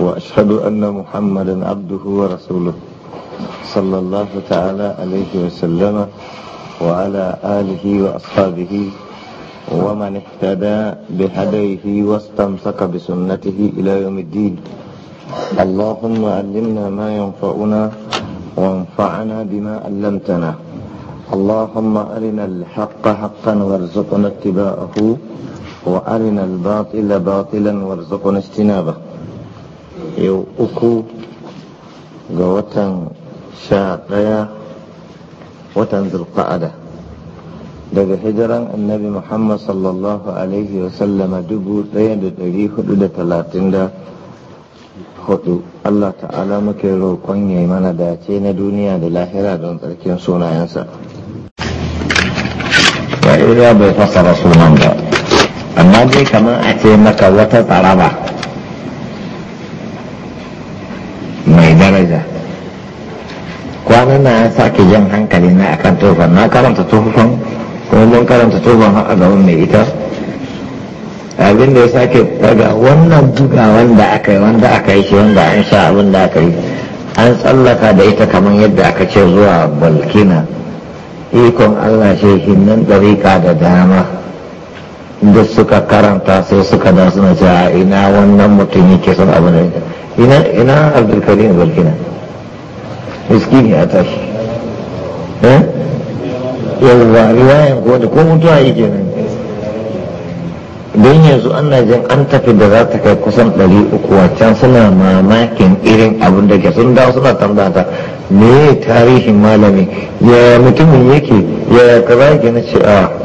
وأشهد أن محمدا عبده ورسوله صلى الله تعالى عليه وسلم وعلى آله وأصحابه ومن اهتدى بهديه واستمسك بسنته إلى يوم الدين اللهم علمنا ما ينفعنا وانفعنا بما علمتنا اللهم أرنا الحق حقا وارزقنا اتباعه وأرنا الباطل باطلا وارزقنا اجتنابه yau uku ga watan sha ɗaya watan zulqa'ada daga hijiran annabi muhammad sallallahu alaihi wasallama dubu ɗaya da ɗari hudu da talatin da hudu allah ta'ala muke roƙon ya yi mana dace na duniya da lahira don tsarkin sunayensa ba'ira bai fasara sunan ba amma dai kamar a ce maka wata tsaraba mai daraja kwanan na sake jan hankali na akan tufan na karanta tufan kuma mun karanta tufan a gaban mai ita abin da ya sake daga wannan buga wanda aka yi wanda aka yi shi wanda an sha abin da aka yi an tsallaka da ita kamar yadda aka ce zuwa balkina ikon allah shehin nan ɗarika da dama da suka karanta sai suka da suna ce a ina wannan mutum yake son abu ita ina ina abdulkarim iski ne a tashi eh? yawwa riwayan ko da ko mutuwa yake nan don yanzu ana jin an tafi da za ta kai kusan ɗari uku wancan suna mamakin irin abin da ke sun dawo suna tambata me tarihin malami ya mutumin yake ya kaza ki na ce a ah,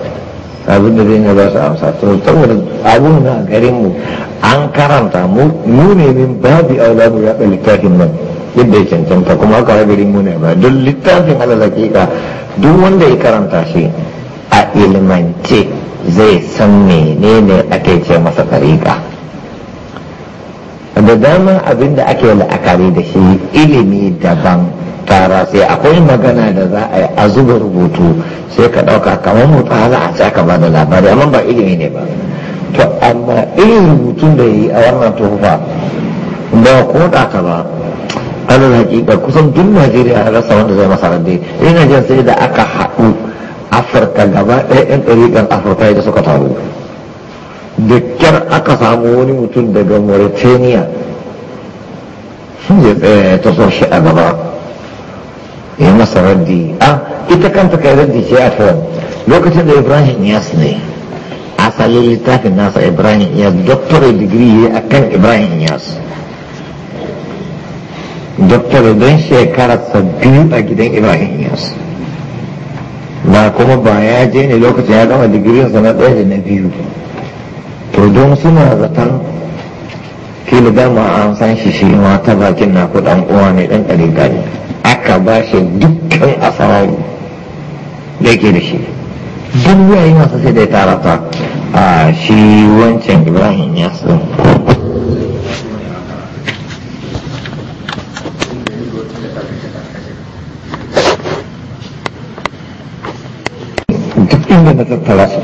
abin da zai ba su amsa to saboda abun na garin mu an karanta mu ne min babi aula mu ya littafin nan yadda ya cancanta kuma haka garin mu ne ba don littafin alalaki ka duk wanda ya karanta shi a ilmance zai san menene ake ce masa tariƙa da dama abin da ake la'akari da shi ilimi daban Tara sai akwai magana da za a yi a zuba rubutu sai ka ɗauka kamar hala a sai ka bada labari amma ba ilimi ne ba to amma irin rubutun da yi a wannan tuhufa ba ko da ka ba ana hakika kusan duk najeriya a rasa wanda zai masa rande ina jan sai da aka haɗu afirka gaba ɗaya yan ɗariƙan afirka da suka taru da kyar aka samu wani mutum daga mauritania sun je tsaye ta shi a gaba ya masa raddi a ah, ita kanta kai raddi ce a firam lokacin da ibrahim yas ne asalin littafin nasa ibrahim ya doctorate degree ya akan ibrahim su doctorate don shekararsa biyu a gidan ibrahim su ba kuma ba ya je ne lokacin ya gama digirinsa na ɗaya da na biyu to don suna zaton kila dama an san shi shi ma bakin na kudan uwa ne ɗan ƙarin ka ba shi dukkan asararu da ke da shi duk yayi masa sai da ya tara ta a shi wancan ibrahim ya su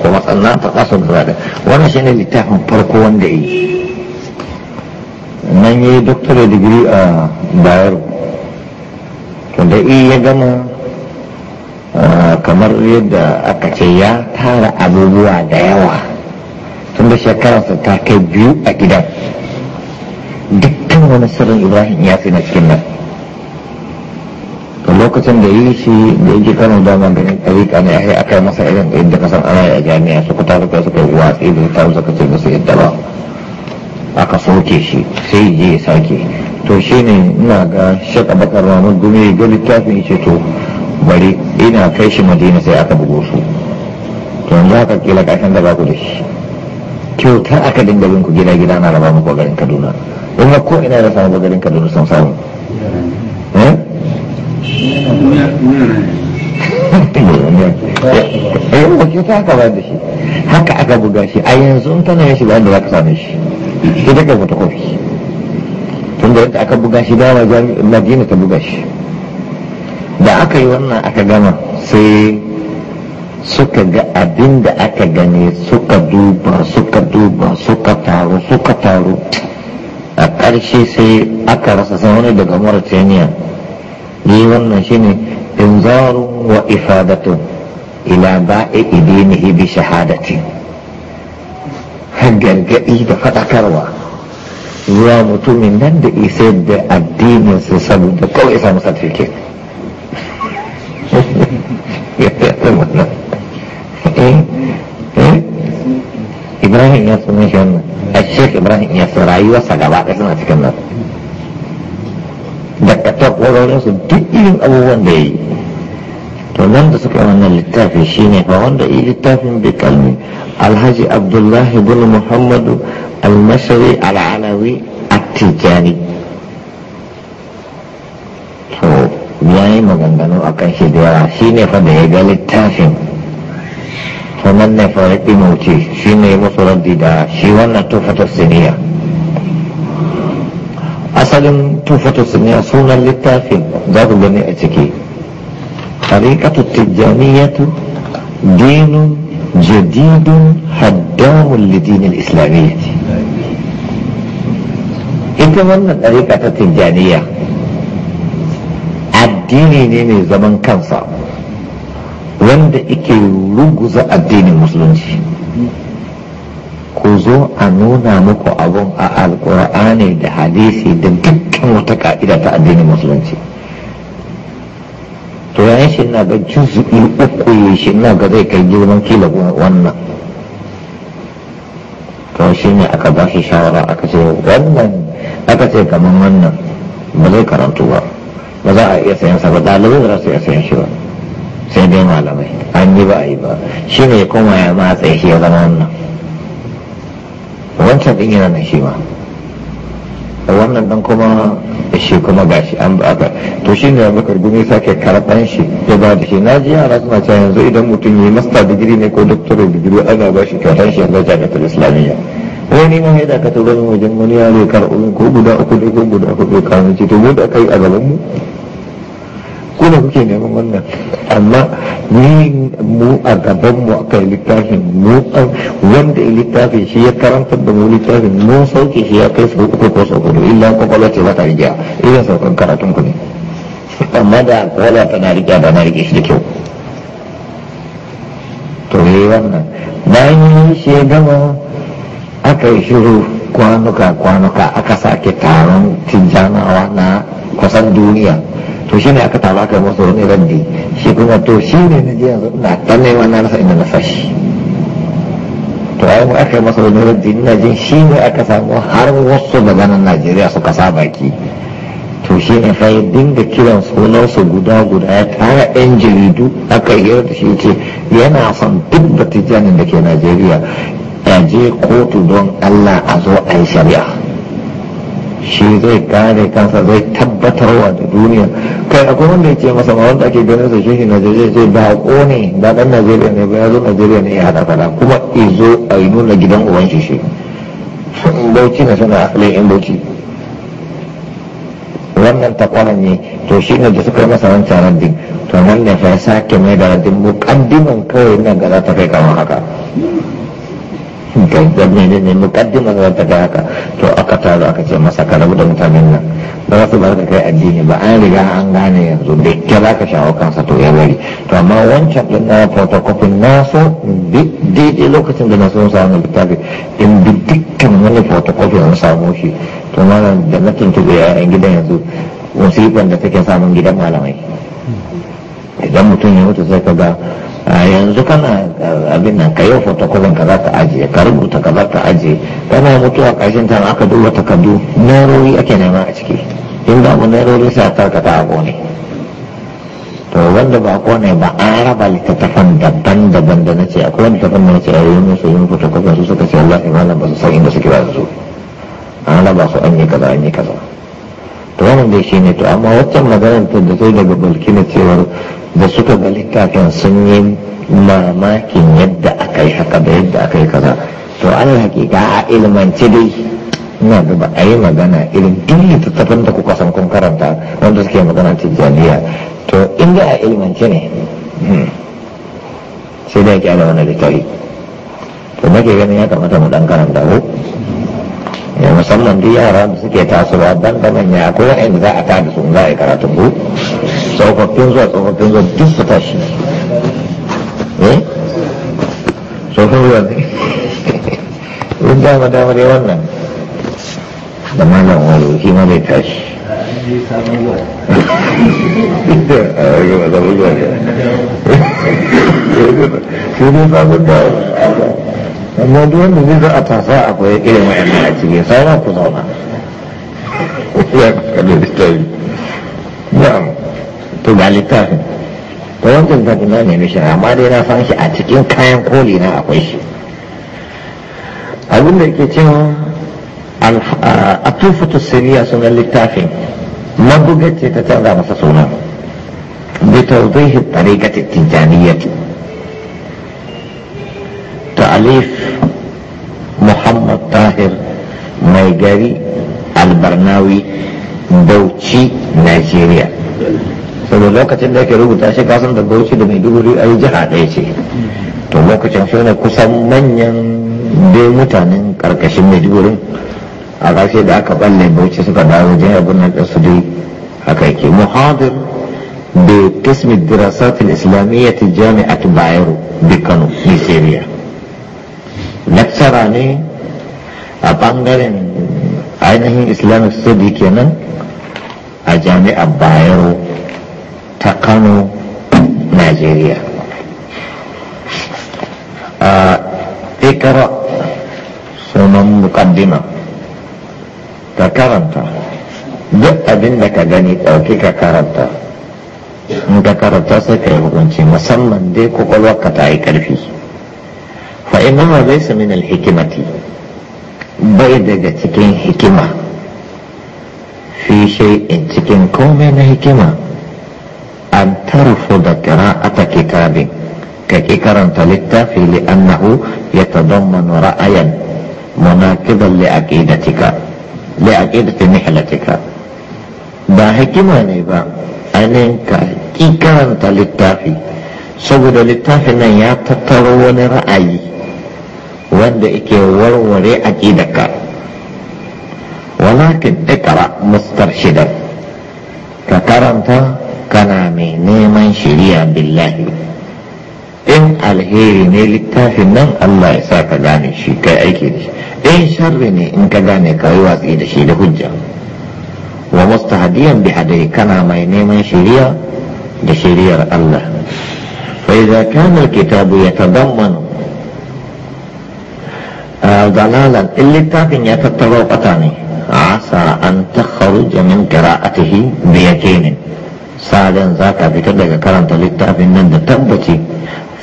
kuma sannan ta su da wannan shine littafin farko wanda yi nan yi doctorate digiri a bayero da iya ya gama ah, kamar yadda aka ce ya tara abubuwa da yawa tun da shekararsa ta kai biyu a gidan dukkan wani sirrin ibrahim ya fi na cikin nan lokacin da yi shi da yake kano damar da yan ɗariƙa na ya haika yi masa irin da yadda kasan ana a jami'a suka tafi kai suka yi watsi da ta zaka ce musu yadda ba aka soke shi sai je ya sake to shine ina ga shaka bakar ramar gumi ga littafin ce to bari ina kai shi madina sai aka bugo su to yanzu aka kila kashin da ku da shi kyauta aka dinga bin ku gida gida na raba muku garin kaduna don ga ko ina da samu garin kaduna sun samu eh? eh, ta da shi haka aka buga shi a yanzu in tana yin shi bayan da za ka same shi ita ga fotokofi da yadda aka buga shi dama madina ta buga shi da aka yi wannan aka gama sai suka ga abin da aka gane suka duba suka duba suka taru suka taru a ƙarshe sai aka rasa sai wani daga mauritania ne wannan shine inzaru wa ifadatu ila ba'i idinihi bi shahadati gargaɗi da faɗakarwa zuwa mutumin nan da isa da addinin su saboda kawai samu certificate eh, eh. ibrahim ya sunan shi wannan a shek ibrahim ya sun sa gaba ɗaya suna cikin nan da katar su duk irin abubuwan da ya yi to nan da suka wannan littafi shine fa wanda yi littafin kalmi alhaji abdullahi bin muhammadu المصري العلوي التجاني to ya yi maganganu a kan shi da yawa shi ne fa da ya ga littafin to nan ne fa raɗi mauce shi ne musu raddi da shi wannan tufatar siniya asalin tufatar siniya sunan littafin za ku gani a ciki tariƙatu tijjaniyatu dinun جديد هدام لدين الإسلامية ita wannan ɗariƙa ta tijjaniya addini ne mai zaman kansa wanda ike ruguza addinin musulunci ku zo a nuna muku abun a Alƙur'ani da hadisi da dukkan wata ka'ida ta addinin musulunci to yayin shi na ga juzu'i uku ya shi na ga zai kai girman kila wannan to shi ne aka ba shi shawara aka ce wannan aka ce kamar wannan ba zai karantu ba ba za a iya sayan sa ba za su iya sayan shi ba sai dai malamai an yi ba a yi ba shi ne ya koma ya matsayi shi ya zama wannan wancan ɗin yana nan shi ma wannan dan kuma shi kuma gashi an ba to shi ne yanzu kargumi sake karɓan shi ya ba da shi na ji yara suna cewa yanzu idan mutum yi masta digiri ne ko doctorate digiri ana ba shi kyautar shi yanzu ta islamiyya wani ma ya dakatar wani wajen wani yaro ya karɓo ko guda uku ne ko guda uku ne kawo to mu da kai a gaban mu ko da kuke neman wannan amma ni mu a gaban mu yi littafin mu wanda littafin shi ya karanta da mu littafin mu sauke shi ya kai sau uku ko sau hudu illa kwallo ce za ta riga saukan karatun ku ne amma da ta na rigya da na rike shi da kyau to yi wannan bayan yi shi ya gama aka yi shiru kwanuka kwanuka aka sake taron tijjanawa na kusan duniya to ne aka taru aka masa wani raddi shi kuma to shine na je yanzu ina dan na rasa ina na sashi to ai aka masa wani raddi na jin shi ne aka samu har wasu daga nan Najeriya suka sa baki to shi ne fa dinga kiran sunansa guda guda ya tara yan jaridu aka yi da shi ce yana son duk batijanin da ke Najeriya ya je kotu don Allah a zo a yi shari'a shi zai kare kansa zai tabbatarwa da duniya kai akwai wanda ya ce masa ma wanda ake ganin sa shi Najeriya ce ba ne ba dan Najeriya ne ba ya zo Najeriya ne ya hada fada kuma izo a yi nuna gidan uban shi shi bauchi na suna halin in bauchi wannan takwaran ne to shi ne da suka yi masa wancan raddin to nan fa ya sake mai da raddin mukaddimin kawai nan ga za ta kai kamar haka gangar ne ne mukaddima za ta ga haka to aka taro aka ce masa ka rabu da mutanen nan ba za su bar ka kai addini ba an riga an gane yanzu da ke za ka shawo kansa to ya bari to amma wancan din na photocopy nasu daidai lokacin da na so samu littafi in bi dukkan wani photocopy na samu shi to malam da na tuntube yayan gidan yanzu musifan da take samun gidan malamai idan mutum ya mutu sai ka ga a yanzu kana abin nan ka yi fotokolin ka za ka ajiye ka rubuta ka za ka ajiye kana mutuwa kashin ta aka duba takardu nerori ake nema a ciki in ba mu nerori sai ta a ne to wanda ba ko ne ba an raba littattafan daban-daban da na ce akwai wani tafan da na ce a yi musu yin fotokolin su suka ce ya malam ba su san inda suke ba su an raba su an yi kaza an yi kaza to wannan shi shine to amma waccan maganar ta da sai daga balkina cewar da suka ga littafin sun yi mamakin yadda akai haka da yadda akai kaza to an hakika a ilmance dai ina da ba a yi magana irin duk littattafan da kuka san kun karanta wanda suke magana tijjaniya to inda a ilmance ne sai dai ya kyale wani littafi to nake ganin ya kamata mu dan karanta ko ya musamman duk yara da suke tasowa ban da manya wa'anda za a ta da za a yi karatun ku tsofaffin zuwa tsofaffin zuwa duk su tashi eh? tsofaffin zuwa ne yin dama dama dai wannan da malam wani shi ma bai tashi shi ne da amma duk wanda zai za a tasa akwai irin wa'annan a cikin sauran ku zauna ya kalli littafi na'am to ga littafin to wancan zabi na nemi shi amma dai na san shi a cikin kayan koli na akwai shi abin da ke cewa a tufatu siriya sunan littafin ce ta canza masa suna bi tawdihi tariqati tijaniyati تعليف محمد طاهر ميجاري البرناوي بوتشي نيجيريا saboda lokacin da yake rubuta shi kasan da bauchi da maiduguri a yi jiha ɗaya ce to lokacin su ne kusan manyan dai mutanen karkashin maidugurin a ƙarshe da aka balle bauchi suka dawo jihar birnin ɗansu dai haka yake muhadir بقسم الدراسات الإسلامية جامعة بايرو kano نيجيريا lecturer ne a bangaren ainihin islamic study kenan a jami'ar bayero ta kano nigeria a ikara sunan mukaddima ka karanta duk abin da ka gani ɗauki ka karanta in ka karanta sai ka yi hukunci musamman dai kwakwalwarka ta yi ƙarfi فإنما ليس من الحكمة بيدك تكين حكمة في شيء تكين كومين حكمة أن ترفض قراءة كتاب كإكرا تلتا في لأنه يتضمن رأيا مناقضا لعقيدتك لعقيدة نحلتك ba hikima ne ba ainihin ka ƙi karanta littafi saboda littafin nan ya tattaro wani ra'ayi wanda yake warware aqidarka walakin ikra mustarshidan ka karanta kana mai neman shiriya billahi in alheri ne littafin nan Allah ya sa ka gane shi kai aiki da shi in sharri ne in ka gane ka yi watsi da shi da hujja wa mustahdiyan bi hadai kana mai neman shiriya da shiriyar Allah fa idza kana alkitabu yatadammanu ضلالا اللي يا تترو قطاني عسى أن تخرج من قراءته بيقين سالا ذاك بتدك كرنت للتابن من تبتي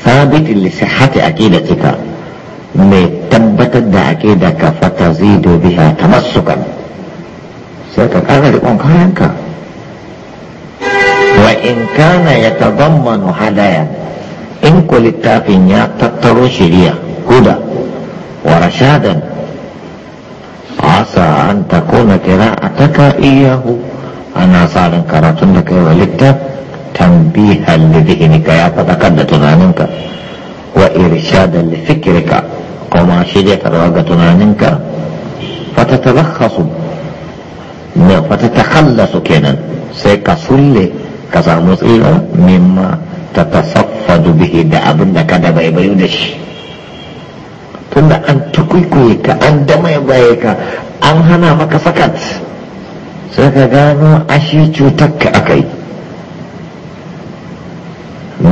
ثابت لصحة عقيدتك me tabbatar da aƙida ka fata zido biha ta sai ka ƙara riƙon kayanka wa in kana ya hadaya in ku littafin ya tattaro shirya huda ورشادا عسى أن تكون قراءتك إياه أنا صار قراءتك ولدت تنبيها لذهنك يا فتكد تنانك وإرشادا لفكرك وما شديت رواق تنانك فتتلخص فتتخلص كنا سيكسل كساموس إلى مما تتصفد به دعب كذا بيبيدش tunda an tukwikwe ka an damaye baye ka an hana maka sakat sai ka gano ashe cutar ka aka yi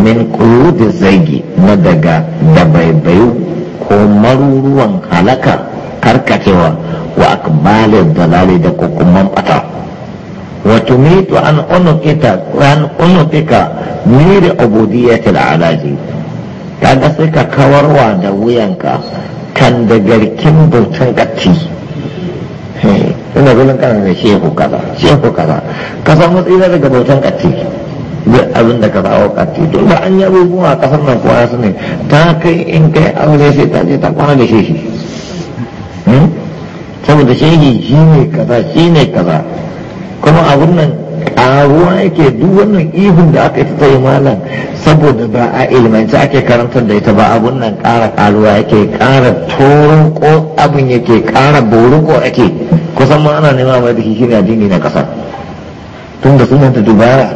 min da zagi na daga baibayu ko maruruwan halaka karkacewa wa akbalin dalali da kokumman bata wato mitu an unuqika an unuqika miri ubudiyatil alaji kaga sai ka kawarwa da wuyanka kan da garkin bautan gatti, eh, ina gudun kanan da shehu kaza shehu kaza ka san matsayi daga bautan ƙarfi duk abin da ka zawo ƙarfi duk da an yi abubuwa a kasar nan kowa su ne ta kai in kai aure sai ta je ta kwana da shehi hmm? saboda shehi shi ne kaza shi ne kaza kuma abun nan ƙaruwa yake duk wannan ihun da aka ita yi malam saboda ba a ilmanci ake karantar da ita ba abun nan ƙara ƙaruwa yake ƙara toron ko abin yake ƙara borin ko ake kusan ma ana nema mai da shine dini na ƙasa tun da sunanta dubara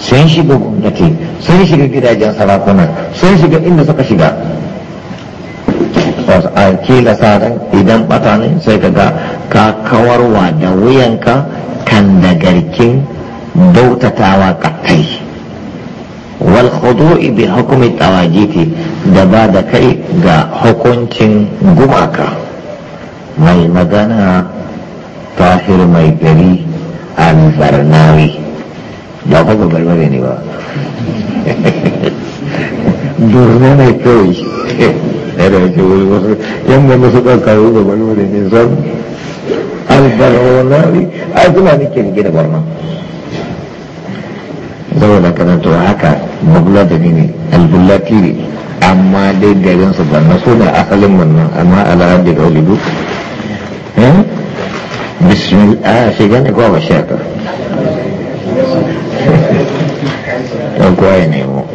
sun shiga gwamnati sun shiga gidajen sarakuna sun shiga inda suka shiga a kila sa idan bata ne sai ka ga ka kawarwa da wuyanka kan da garkin bautatawa kattai wal khudu'i bi hukumi tawagiti da ba da kai ga hukuncin gumaka mai magana tahir mai gari al-barnawi ba kuma barbare ne ba durna mai kawai yan da musu ɗauka yau da barbare ne zan albarnawi a zuma nake haka magladani ne albulati ne amma dai garin su barna su ne asalin amma ala eh? bismillah shiga ne kowa ba shaka ɗan ya nemo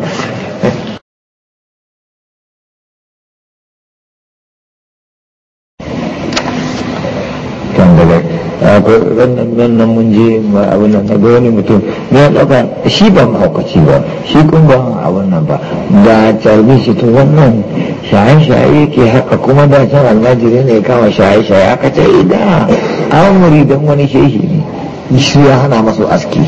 akwai wannan mun je abin nan ga wani mutum ne ya ɗauka shi ba mahaukaci ba shi kun ba a wannan ba da carbi shi to wannan shaye-shaye yake haka kuma da can almajiri ne kama shaye-shaye aka ce da amuri don wani shehi ne shi ya hana masu aski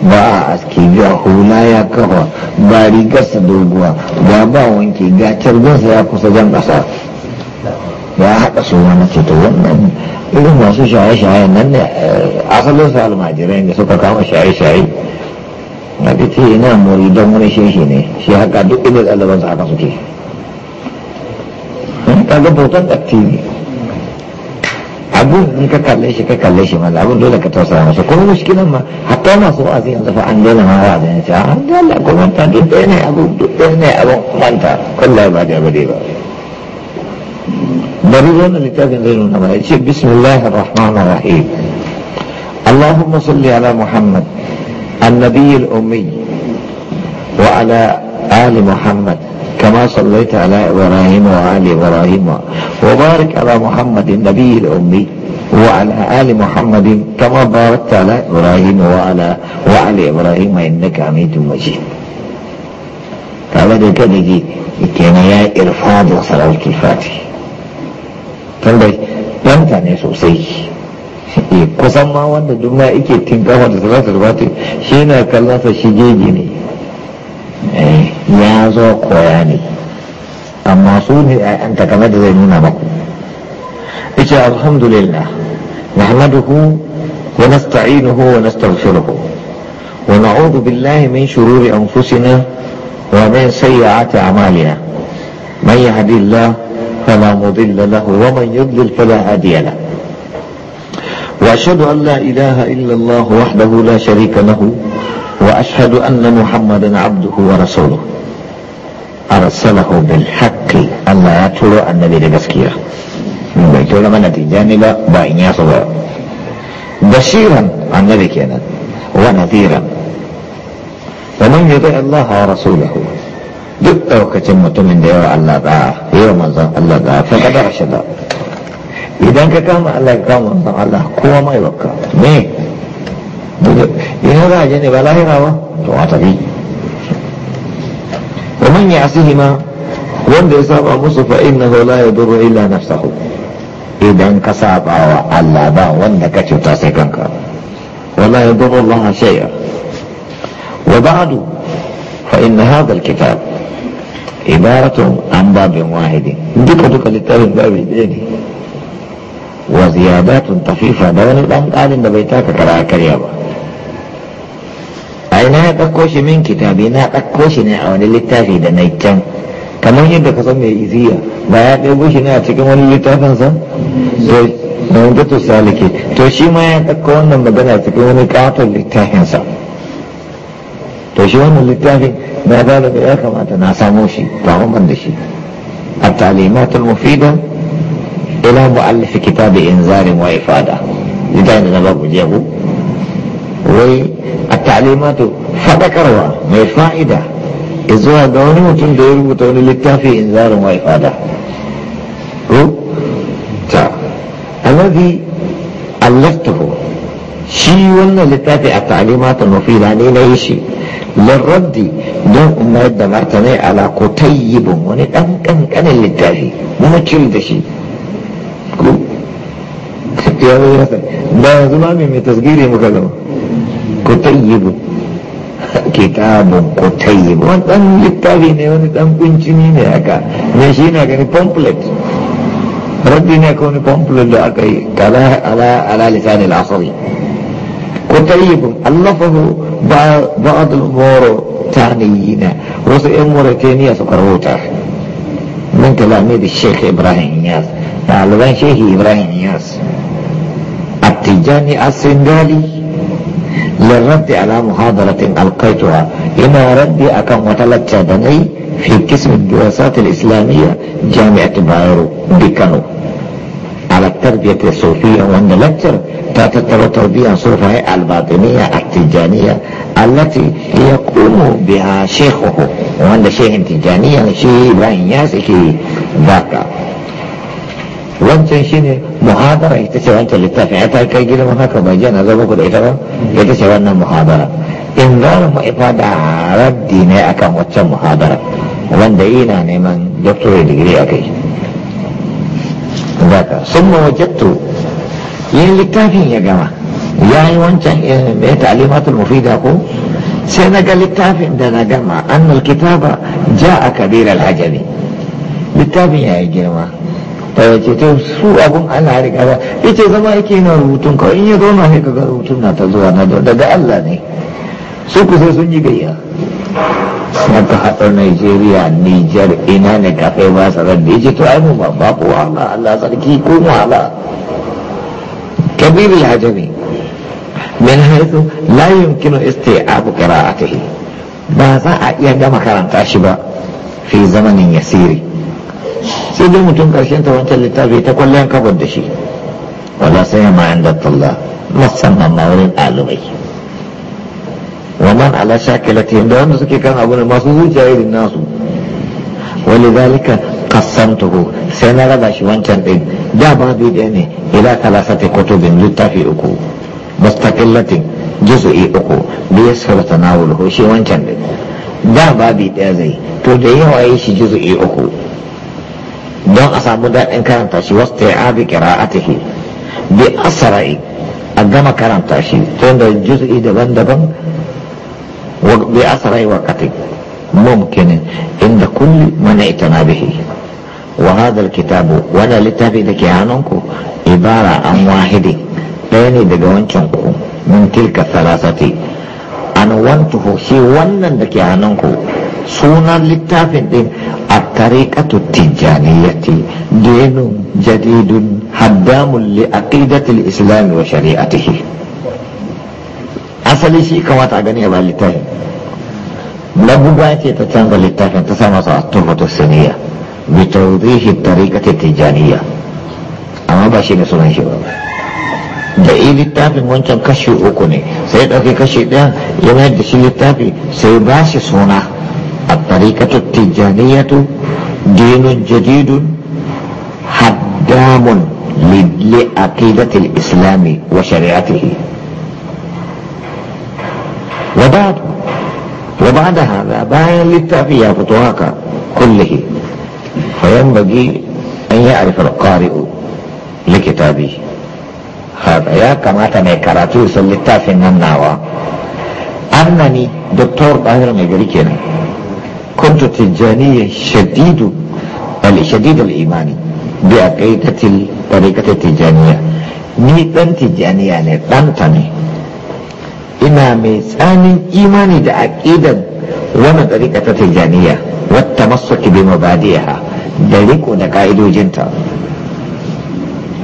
ba a aski ga hula ya kafa ba rigarsa doguwa ga ba wanke ga carbinsa ya kusa jan ƙasa ya haɗa suna na ce wannan irin masu shaye-shaye nan ne eh, asalin su almajirai ne suka kama shaye-shaye na ce yana don wani sheshi ne shi haka duk inda ɗaliban su haka suke hmm, kaga bautan ɗatti ne abun in ka kalle shi ka kalle shi maza abun dole ka tausa masa kuma mushkilan ma hatta masu wa'azi yanzu fa an dole ma wa'azi ne ce an ah, dole kuma ta duk ɗaya ne abin duk ɗaya ne abun manta kullum ba da ba ba دليل لكذا غيرنا ما بسم الله الرحمن الرحيم اللهم صل على محمد النبي الأمي وعلى آل محمد كما صليت على إبراهيم وآل إبراهيم وبارك على محمد النبي الأمي وعلى آل محمد كما باركت على إبراهيم وعلى وعلى إبراهيم إنك حميد مجيد هذا كده كان يا إرفاض وصلاة الفاتح tunda yanta ne sosai kusan ma wanda duniya ike tinkawa da salatu da bata shi na kallasa shi gege ne ya zo koya ne amma su ne ‘ya'yanta kamar da zai nuna maku ice alhamdulillah nahmaduhu wa nasta'inuhu wa nastaghfiruhu wa na'udhu billahi min shururi anfusina wa min sayyi'ati a'malina man yahdihillahu فلا مضل له ومن يضلل فلا هادي له وأشهد أن لا إله إلا الله وحده لا شريك له وأشهد أن محمدا عبده ورسوله أرسله بالحق ألا يتلو النبي لبسكية من بيتولا من نتيجاني بأين يصبر بشيرا النبي كان ونذيرا ومن يطع الله ورسوله duk daukacin mutumin da yawa Allah da'a yawa manzon Allah da'a fa kada shida idan ka kama Allah ka kama manzon Allah kowa mai wakka ne idan za a je ne ba lahira ba to a tafi wa man ya'sihima wanda ya saba musu fa innahu la yadurru illa nafsahu idan ka saba wa Allah ba wanda ka cuta sai kanka wala yadurru Allah shay'a wa ba'du fa inna hadha al-kitab ibaratun an babin wahidi duka duka littafin babi ɗaya ne wa ziyadatun tafifa da wani ɗan ƙalin da bai taka kara karya ba a ina ya ɗauko shi min kitabi na ɗauko shi ne a wani littafi da na can kamar yadda ka san mai iziya ba ya ɗauko shi ne a cikin wani littafin sa to wanda to salike to shi ma ya ɗauko wannan magana cikin wani ƙaton littafinsa to shi wannan littafin na da da ya kamata na samo shi ba ban da shi a talimatul mufida ila mu'allif kitabi inzarin wa ifada littafin da na babu jebu wai a talimatu fadakarwa mai fa'ida zuwa ga wani mutum da ya rubuta wani littafi wa ifada ko ta shi wannan littafi a ta'alimatun mufida ne na yi shi lirraddi don umar da martanai ala ko tayyibin wani ɗan kankanin littafi muna cire da shi ko da yanzu ma mai tasgiri muka zama ko tayyibin kitabun ko tayyibin wani ɗan littafi ne wani ɗan kuncini ne haka ne shi na gani pamphlet raddi ne ka wani pamphlet da aka yi ala lisanin asali وتقريبا ألفه بعض الأمور تانيين وصل أمور كينية سكروتا من تلاميذ الشيخ إبراهيم نياس طالبان نعم، شيخ إبراهيم ياس التجاني السنغالي للرد على محاضرة ألقيتها إما ردي أكم وتلت في قسم الدراسات الإسلامية جامعة بايرو بكانو على التربية الصوفية وأن لكتر تأتي تربية الصوفية الباطنية التجانية التي يقوم بها شيخه وأن شيخ تجانية شيء لا ينسك ذاك وان تنشيني محاضرة اكتشف انت اللي تافع اتا كي جيلا مهاك ومجان هذا بقول يتسوى اكتشف محاضرة ان غير مؤفادة رد دينيك وانت محاضرة وان دينا نيمان دكتوري دقريه Data. Semua wajah tu Yang likafin ya gama Yang wancang eh, Ta'limatul mufidah aku Saya naga likafin dan agama Annal kitabah Ja'a kabir al-hajabi Likafin ya gama Tawa cita su abung ala hari kata Icha sama iki na rutun kau Iya dona hari kata rutun Nata zuha nada Daga Allah ne su kusa sun yi gaya Maka haɗar Najeriya, Nijar, ina ne kafai ba su ran da ya ce to ai mu ba babu wahala Allah sarki ko Allah. Kabiru Hajjami min haitu la yumkinu isti'abu qira'atihi ba za a iya gama karanta shi ba fi zamanin yasiri sai dai mutum karshen ta wancan littafi ta kwallon kabar da shi wala sai ma inda Tallah, musamman ma wurin ɗalibai alaman ala shakilatin da wanda suke kan abu ne masu zuciya irin nasu wani zalika kasantuhu sai na raba shi wancan din da babu ɗaya ne ila talasati kutubin littafi uku mustaqillatin juz'i uku biya sura tanawul shi wancan din da babu ɗaya zai to da yawa yi shi juz'i uku don a samu daɗin karanta shi wasta ya abi qira'atihi bi asra'i a gama karanta shi tun da juz'i daban-daban بأثر وقت ممكن عند كل من ائتنا به وهذا الكتاب ولا لتابي دك عنكم عبارة عن واحد بين دقوانكم من تلك الثلاثة أنوانته شي ونن دك عنكم سونا للتابين دين الطريقة التجانية دين جديد هدام لعقيدة الإسلام وشريعته asali shi kamata a gani ba littafi labuba ce ta canza littafin ta su masa tuhmatu saniya bi tawdihi tarikata tijaniya amma ba shi ne sunan shi ba da yi littafin wancan kashi uku ne sai ɗauki kashi ɗaya ya mayar da shi littafi sai ba shi suna a tijaniya tu dinun jadidun haddamun li aqidatil islami wa shari'atihi وبعد وبعد هذا بيان للتعبية مطلقا كله فينبغي أن يعرف القارئ لكتابه هذا يا كما تنكراتي سلتا في النناوة أنني دكتور باهر مجريكينا كنت تجانيا شديد شديد الإيمان بعقيدة الطريقة التجانية ni dan tijaniya ne ina mai tsanin imani da aqidan wannan dariƙa ta tijaniya wata masuki bi mabadiha da riko da ka'idojinta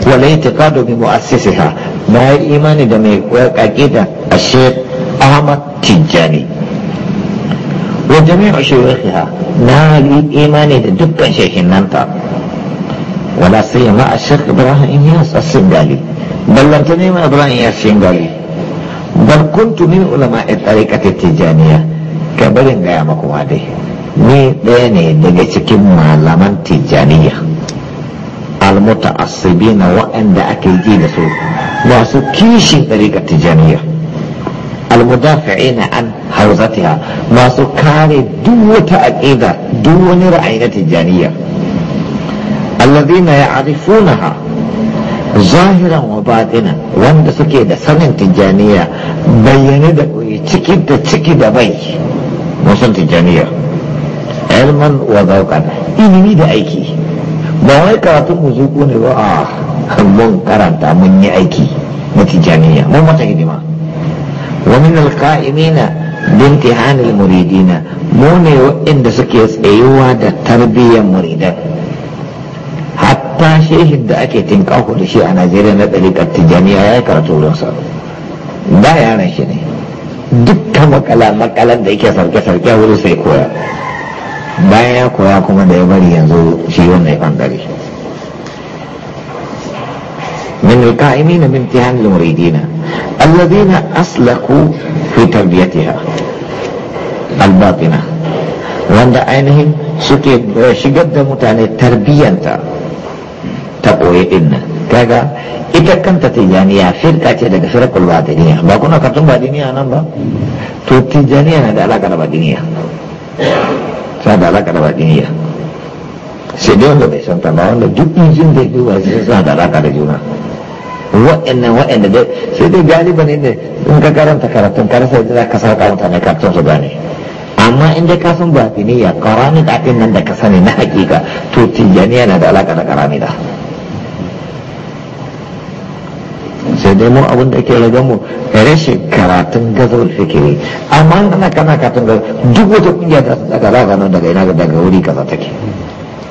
ta wala itiqadu bi mu'assisiha na imani da mai aqida ashir ahmad tijani wa jami'u shuyukhiha na yi imani da dukkan shekin nan ta. wala sai ma ashir ibrahim yas as-singali ballantane ma ibrahim yas singali bal kuntu min ulama tariqati tijaniya ka gaya maku ma ni ɗaya ne daga cikin malaman tijaniya almuta'assibina waɗanda ake ji da su masu kishin ɗariƙar tijaniya almudafi'ina an hauzatiha masu kare duk wata aƙida duk wani ra'ayi na tijaniya allazina ya'rifunaha zahiran wa batina wanda suke da sanin tijaniya bayyane da koyi ciki da ciki da bai musan tijjaniya ilman wa zaukan ilimi da aiki ba wai karatun mu zuku ne ba a ah, mun karanta mun yi aiki na tijjaniya mun mata hidima wa min alqa'imina bintihanil muridina mu ne waɗanda suke tsayuwa da tarbiyyar muridan hatta shehin da ake tinkaho da shi a najeriya na ɗariƙar tijjaniya ya yi karatu wurinsa ba yaran shi ne dukkan makala makalan da yake sarke-sarke wurin sai koya bayan ya koya kuma da ya bari yanzu shi wannan bangare من القائمين بامتحان المريدين الذين أسلكوا في تربيتها الباطنة وعند عينهم suke eh, shigar da mutane tarbiyyanta ta ɓoye ɗin nan kaga ita kanta tijaniya firka ce daga firkul batiniya ba kuna katun batiniya nan ba to tijaniya na da alaƙa da batiniya ta da alaƙa da batiniya sai dai wanda bai santa ba wanda duk injin da duba sai suna da alaƙa da juna wa'annan wa'anda dai sai dai galiba ne ne in ka karanta karatun karasa da za ka sauka mutane karatun su gane amma in dai ka san batiniya ƙaranin ɗaɗin nan da ka sani na hakika to tijaniya na da alaƙa da ƙaramida. sai dai mu abin da ke raga mu rashin karatun gazar fikiri amma kana kana karatun gazo duk wata kungiya ta daga za ka daga ina daga wuri kaza take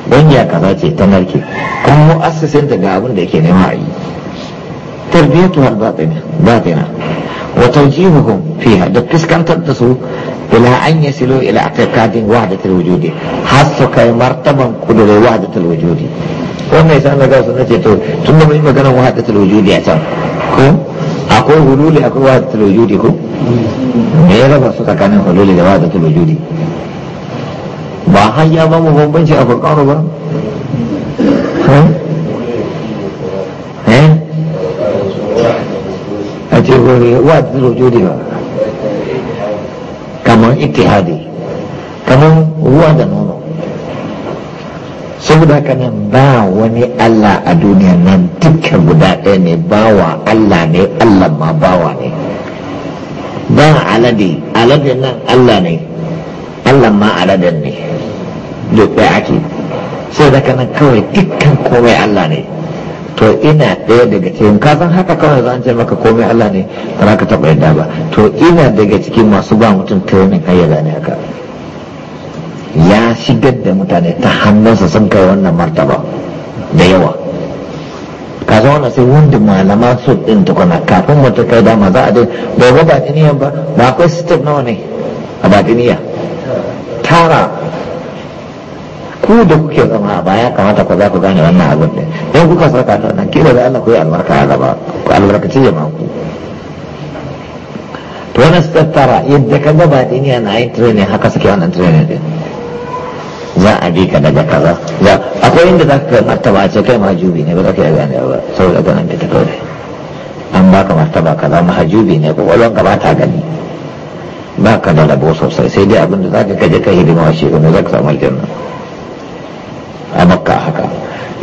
kungiya kaza ce ta narke kuma mu'assasin ta ga abin da yake nema a yi tarbiyatu hal batina wa tawjihuhum fiha da fuskantar da su ila an yasilu ila i'tiqadin wahdatul wujudi har su kai martaban kudurai wahdatul wujudi wannan yasa na ga su nace to tun da mun yi magana wahdatul wujudi ya can ko akwai hululi akwai wa da wujudi ko me ya raba su tsakanin hululi da wa da wujudi ba har ya ba mu bambanci a furkanu ba eh? a ce wa da wujudi ba kamar ittihadi kamar ruwa da noma saboda haka nan ba wani Allah a duniya nan duka guda ɗaya ne bawa Allah ne Allah ma bawa ne ba alade alade nan Allah ne Allah ma aladen ne duk ɗaya ake sai da nan kawai dukkan komai Allah ne to ina ɗaya daga cikin ka san haka kawai zan ce maka komai Allah ne ba za ka taɓa yadda ba to ina daga cikin masu ba mutum ta yanin hayyala ne haka ya shigar da mutane ta hannunsa sun kai wannan martaba da yawa ka zo wannan sai wanda malaman su din tukuna kafin mutu kai dama za a dai ba ba batiniyan ba ba akwai system nawa ne a ba batiniya tara ku da kuke zama a baya kamata ku za ku gane wannan abin din dan kuka sarka ta nan kila da Allah ku yi albarka a gaba ku albarkaci jama'a ku to wannan tara yadda ka ba batiniya na yin training haka suke wannan training din za a bi ka daga kaza za akwai inda za ka martaba a ce kai mahajubi ne ba za ka yi gane ba saboda ganin ta kawai an baka martaba kaza mahajubi ne wajen ka ba ta gani ba ka da labo sosai sai dai abinda za ka kaje ka hidima wa shekaru za ka samu aljanna a makka haka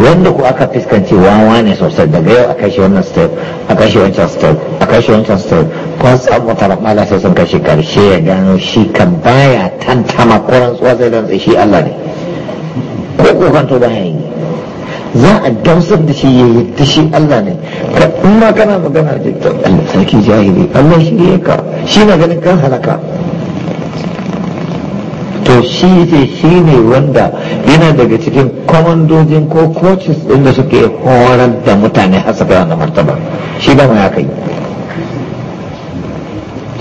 wanda ku aka fuskanci wawa ne sosai daga yau a kashe wannan step a kashe wancan step a kashe wancan step kwatsa mutarar mala karshe ya gano shi kan baya tantama koran tsuwa zai shi Allah ne ko baya za a gamsar da shi ya shi Allah ne in ma kana magana da Allah sarki jahili Allah shi ya ka shi na ganin kan halaka to shi ce shi ne wanda yana daga cikin kwamandojin ko coaches ɗin da suke horar da mutane har su na martaba shi ba ya kai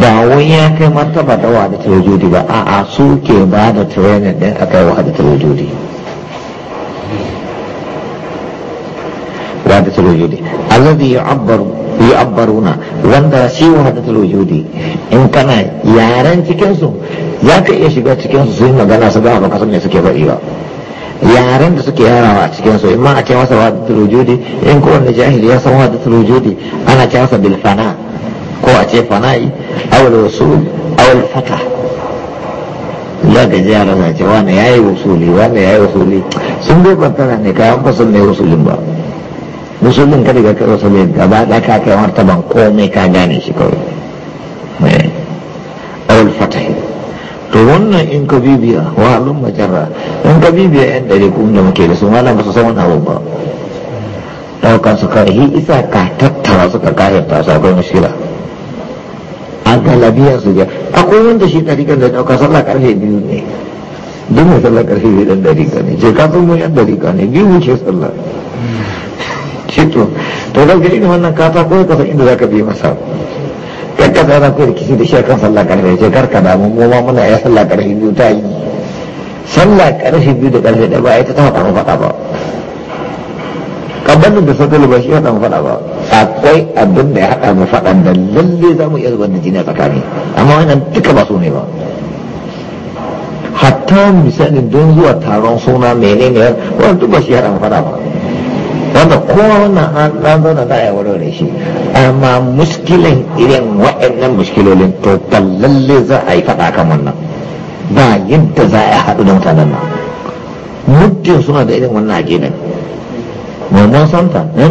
ba wai ya kai martaba da wahadatul wujudi ba a'a su ke ba da training din akai wahadatul wujudi wahadatul wujudi alladhi yu'abbaru yu'abbaruna wanda shi wahadatul wujudi in kana yaran cikin su ya ka iya shiga cikin su su yi magana su ba baka san me suke faɗi ba yaren da suke yarawa a cikin su imma a ce masa wahadatul wujudi in kowanne jahili ya san wahadatul wujudi ana ce masa bilfana ko a ce fana'i awal wasu awal fata za ka ji yara na ce wani ya yi wasuli wani ya yi wasuli sun bai kwantara ne kayan fasin ne wasulin ba musulun ka daga kai wasulin gaba da ka kai martaban komai ka gane shi kawai eh. awal fata to wannan in ka bibiya wa alun majara in ka bibiya yan dare kun da muke da su wala ba su san wani abu ba ɗaukar su kawai hi isa ka tattara suka kayar ta su mashira a galabiyar su ja akwai wanda shi ɗariƙar da ɗauka sallah ƙarfe biyu ne duk mai sallah ƙarfe biyu ɗan ɗariƙa ne je ka san mu yan ɗariƙa ne biyu wuce sallah shito to da ga irin wannan kata ko ka san inda ka bi masa kakka ta na kuwa rikici da shi akan sallah ƙarfe je ka damu mu ma muna ya sallah ƙarfe biyu ta yi sallah ƙarfe biyu da ƙarfe ɗaya ba a yi ta taɓa faɗa ba kabbalin da sadala ba shi ya taɓa faɗa ba akwai abin da ya haɗa mu faɗan da lalle za mu iya zubar da jini a tsakani amma wannan duka ba su ne ba hatta misali don zuwa taron suna menene ne wannan duk ba shi haɗa mu faɗa ba wanda kowa wannan an ɗan zauna za a yi warware shi amma muskilin irin waɗannan muskilolin to lalle za a yi faɗa kan wannan ba yadda za a yi haɗu da mutanen nan muddin suna da irin wannan a mai mun santa eh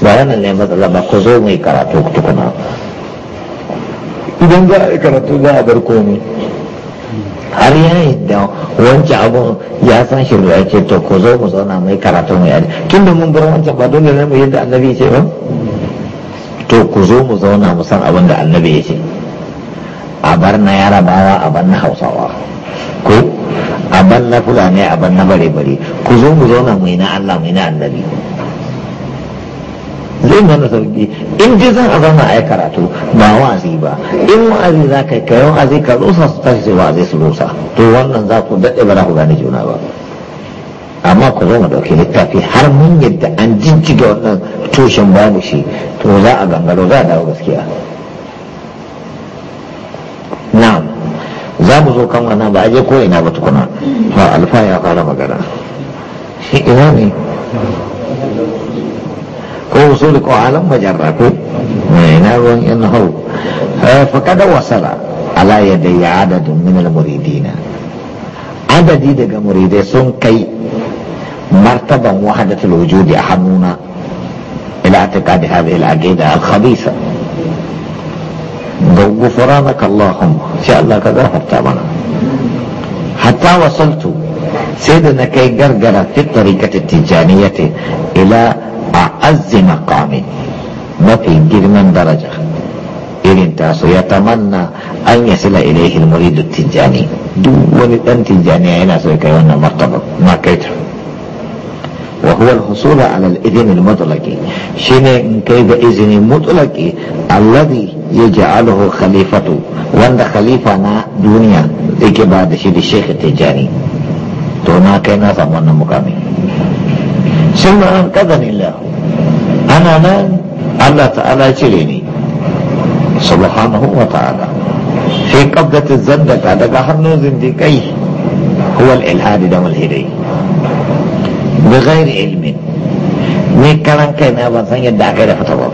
ba yana ne matsala ba ku zo mai karatu tukuna idan za a yi karatu za a bar komai har ya da wancan abun ya san shi ya ce to ku zo mu zauna mai karatu mai yadda tun da mun bar wancan ba dole ne mu yadda annabi ce ba to ku zo mu zauna mu san abin da annabi ya ce a bar na yarabawa a bar na hausawa ko a bar na fulani a bar na bare-bare ku zo mu zauna mai na allah mai na annabi zai mana sauki in ji zan a zama a yi karatu ba wa'azi ba in wa'azi za ka yi kayan wa'azi ka rusa su tashi sai wa'azi su rusa to wannan za ku daɗe ba za ku gane juna ba amma ku zo mu ɗauki littafi har mun yadda an jijjiga wannan tushen babu shi to za a gangaro za a dawo gaskiya na'am za mu zo kan wannan ba a je ko ina ba tukuna ba alfa ya fara magana shi ina ne ko usul ko alam majarra ko na ruwan yan hau fa kada wasala ala yadai adadin min al muridina adadi daga muridai sun kai martaban wahadatul wujudi a hannuna ila i'tiqadi hadhihi al aqida al khabisa غفرانك اللهم ان شاء الله كذا حتى Hatta حتى وصلت سيدنا كي غرغرة في الطريقة التجانية أعز مقام ما في من درجة إلين تاسو يتمنى أن يصل إليه المريد التجاني دو ولد أن تجاني أين سويك كيوانا مرتبة ما كيتر وهو الحصول على الإذن المطلق شين كيف إذن مطلق الذي يجعله خليفة وان خليفة نا دونيا دنيا بعد شيء الشيخ التجاني تونا كينا سمونا مقامي sun an kazanin ana nan Allah ta'ala cire ni subhanahu wa ta'ala sai kabdata ka daga hannun zindikai huwa ilhadi da mulhidai bi ghairi ilmin ni karan kai na ban san yadda aka yi da fata ba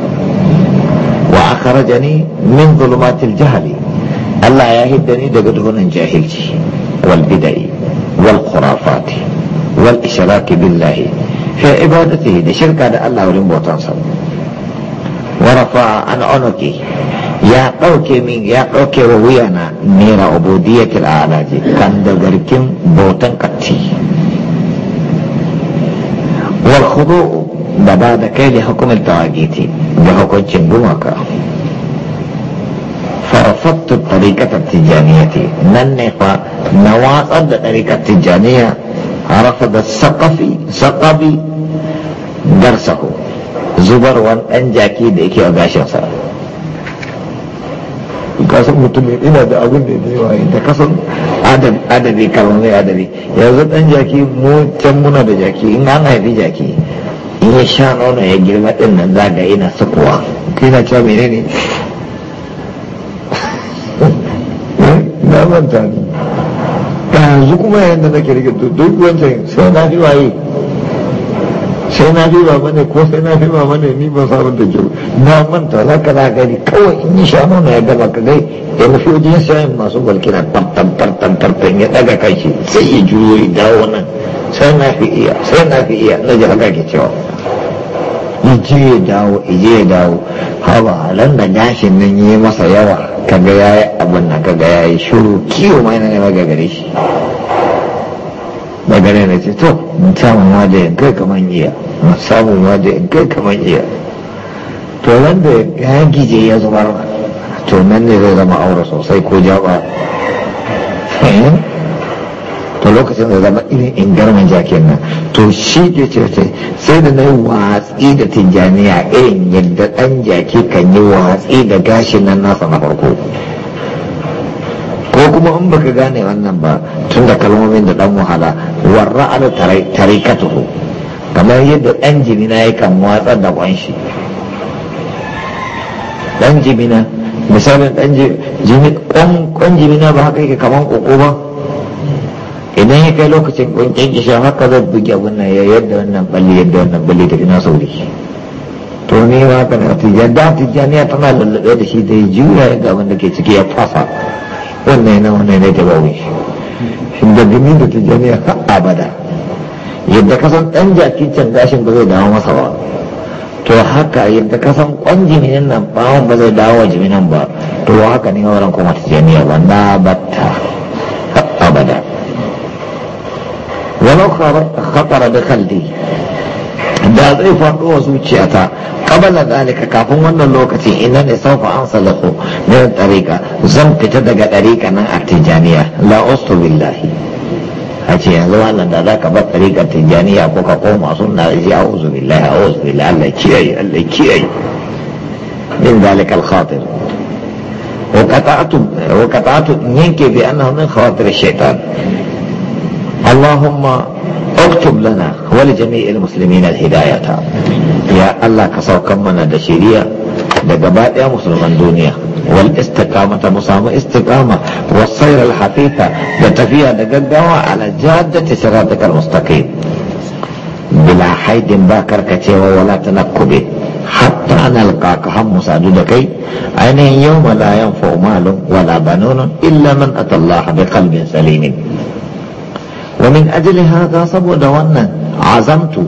wa akhrajani min zulumatil jahli Allah ya ni daga duhunan jahilci wal bidai wal khurafati wal ishraki billahi fi ibadati da shirka da Allah wurin bautansa warafa an onoke ya ɗauke min ya dauke wa wuyana nera ubudiyatil alaji kan da garkin bautan katti wal khudu da ba da kai da hukumar tawagiti da hukuncin gumaka farfattu tariƙatar tijjaniyati nan ne fa na watsar da tariƙar tijjaniya رفض الثقفي ثقبي درسه زبر وان أنجاكي ديكي وقاشن سنة kasan mutum ina da abin da ya yawa da kasan adabi kalmai adabi yanzu dan jaki mu can muna da jaki in an haifi jaki in ya sha nono ya girma din nan za ga ina sakuwa kai na cewa menene na manta ne yanzu kuma yadda nake rike duk wancan sai na fi waye sai na fi baba ne ko sai na fi baba ne ni ban samun da kyau na manta za ka gani kawai in yi shanu na yadda ba ka gai ya mafi wajen sayan masu balkina tantantantantan ya daga kai sai ya juyo ya dawo nan sai na fi iya sai na fi iya na ji haka ke cewa ije ya dawo ije ya dawo haba nan da gashin nan yi masa yawa kaga ya yi abin na kaga ya yi shuru kiwo mai yana nema gagare shi magana na ce to mun samu ma da yankai kamar iya mun samu ma da yankai kamar iya to wanda ya gije ya zubar to nan ne zai zama aure sosai ko jaba eh? to lokacin da zama irin in garman jakin nan to shi ke ce sai da na yi watsi da tijjaniya irin yadda ɗan jaki kan yi watsi da gashin nan nasa na farko ko kuma in baka gane wannan ba tun da kalmomin da ɗan wahala warra ala tarikatuhu kamar yadda ɗan jimina kan watsa da ƙwanshi ɗan jimina misalin ɗan jimina ba haka yake kamar koko ba idan ya kai lokacin kunkin kisha haka zai buge abin nan ya yadda wannan balli yadda wannan balli da ina sauri to ne ma ka na tijjada tijjaniya tana lullube da shi da ya juya ga wanda da ke ciki ya fasa wannan yana wannan ne da bawu shi da gini da tijjaniya har abada yadda ka san dan jakin can gashin ba zai dawo masa ba to haka yadda ka san kwan jiminin nan bawon ba zai dawo jiminin ba to haka ne wurin kuma tijjaniya ba na batta abada ولو خطر بخلدي دا ضعيف الروس إيه وشياتا قبل ذلك كافو من اللوكتي انني سوف انصدق من الطريقه زم كتدق طريقة من التجانيه لا اوصل بالله أجي يا أن ذاك بطريقة تجانية أبوك قوم أصنع إذي أعوذ بالله أعوذ بالله ألا كيئي ألا كيئي من ذلك الخاطر وقطعت وقطعت منك بأنه من خاطر الشيطان اللهم اكتب لنا ولجميع المسلمين الهداية يا الله كسوكم من دشيرية دقباء يا مسلمان دنيا والاستقامة مصامة استقامة والصير الحثيثة لتفيها دقاقوا على جادة صراطك المستقيم بلا حيد باكر كتيوة ولا تنكب حتى نلقاك هم مساعدك أين يوم لا ينفع مال ولا بنون إلا من أتى الله بقلب سليم ومن أجل هذا صبو دوانا عزمت